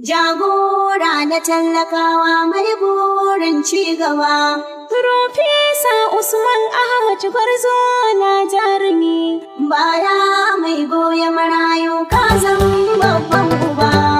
Jagora na tallakawa mai burin cigaba. Profesa Usman Ahmad barzo na jarumi. Baya mai goya marayu ka zama babban uba.